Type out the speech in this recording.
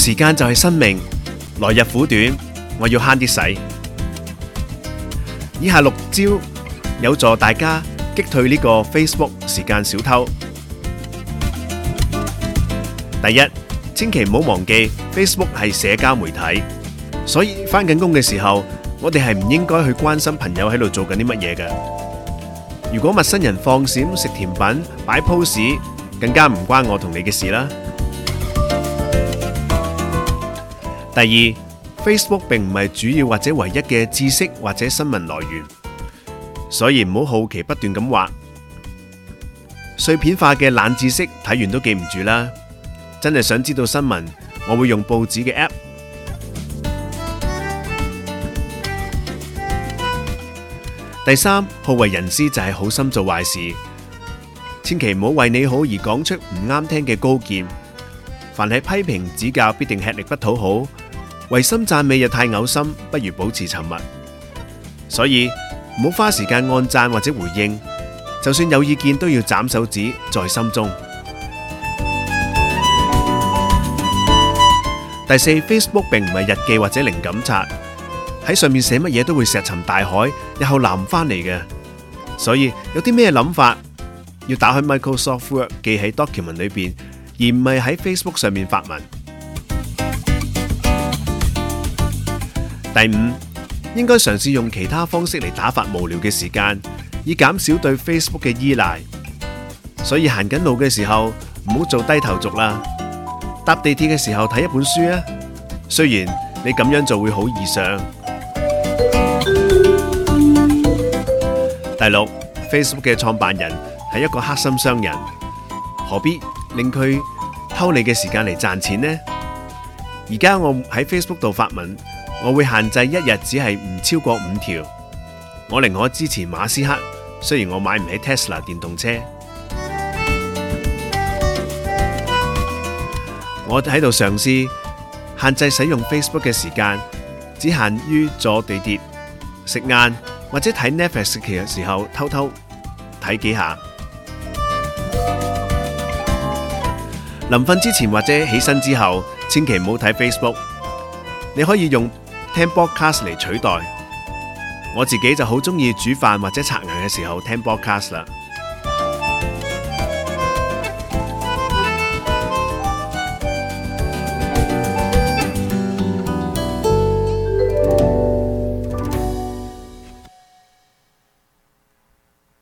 時間就係生命，來日苦短，我要慳啲使。以下六招有助大家擊退呢個 Facebook 時間小偷。第一，千祈唔好忘記 Facebook 係社交媒體，所以翻緊工嘅時候，我哋係唔應該去關心朋友喺度做緊啲乜嘢嘅。如果陌生人放閃，食甜品，擺 pose，更加唔關我同你嘅事啦。第二，Facebook 並唔係主要或者唯一嘅知識或者新聞來源，所以唔好好奇不斷咁畫，碎片化嘅冷知識睇完都記唔住啦。真係想知道新聞，我會用報紙嘅 app。第三，好為人師就係好心做壞事，千祈唔好為你好而講出唔啱聽嘅高見。凡係批評指教，必定吃力不討好。為心讚美又太嘔心，不如保持沉默。所以唔好花時間按讚或者回應，就算有意見都要斬手指，在心中。第四，Facebook 並唔係日記或者靈感冊，喺上面寫乜嘢都會石沉大海，日後撈返嚟嘅。所以有啲咩諗法，要打開 Microsoft Word 記喺 Document 裏邊，而唔係喺 Facebook 上面發文。第五，應該嘗試用其他方式嚟打發無聊嘅時間，以減少對 Facebook 嘅依賴。所以行緊路嘅時候唔好做低頭族啦。搭地鐵嘅時候睇一本書啊，雖然你咁樣做會好異相。第六，Facebook 嘅創辦人係一個黑心商人，何必令佢偷你嘅時間嚟賺錢呢？而家我喺 Facebook 度發文。我會限制一日只係唔超過五條，我寧可支持馬斯克，雖然我買唔起 Tesla 電動車。我喺度嘗試限制使用 Facebook 嘅時間，只限於坐地鐵、食晏或者睇 Netflix 嘅時候偷偷睇幾下。臨瞓之前或者起身之後，千祈唔好睇 Facebook。你可以用，聽 podcast 嚟取代，我自己就好鍾意煮飯或者刷牙嘅時候聽 podcast 啦。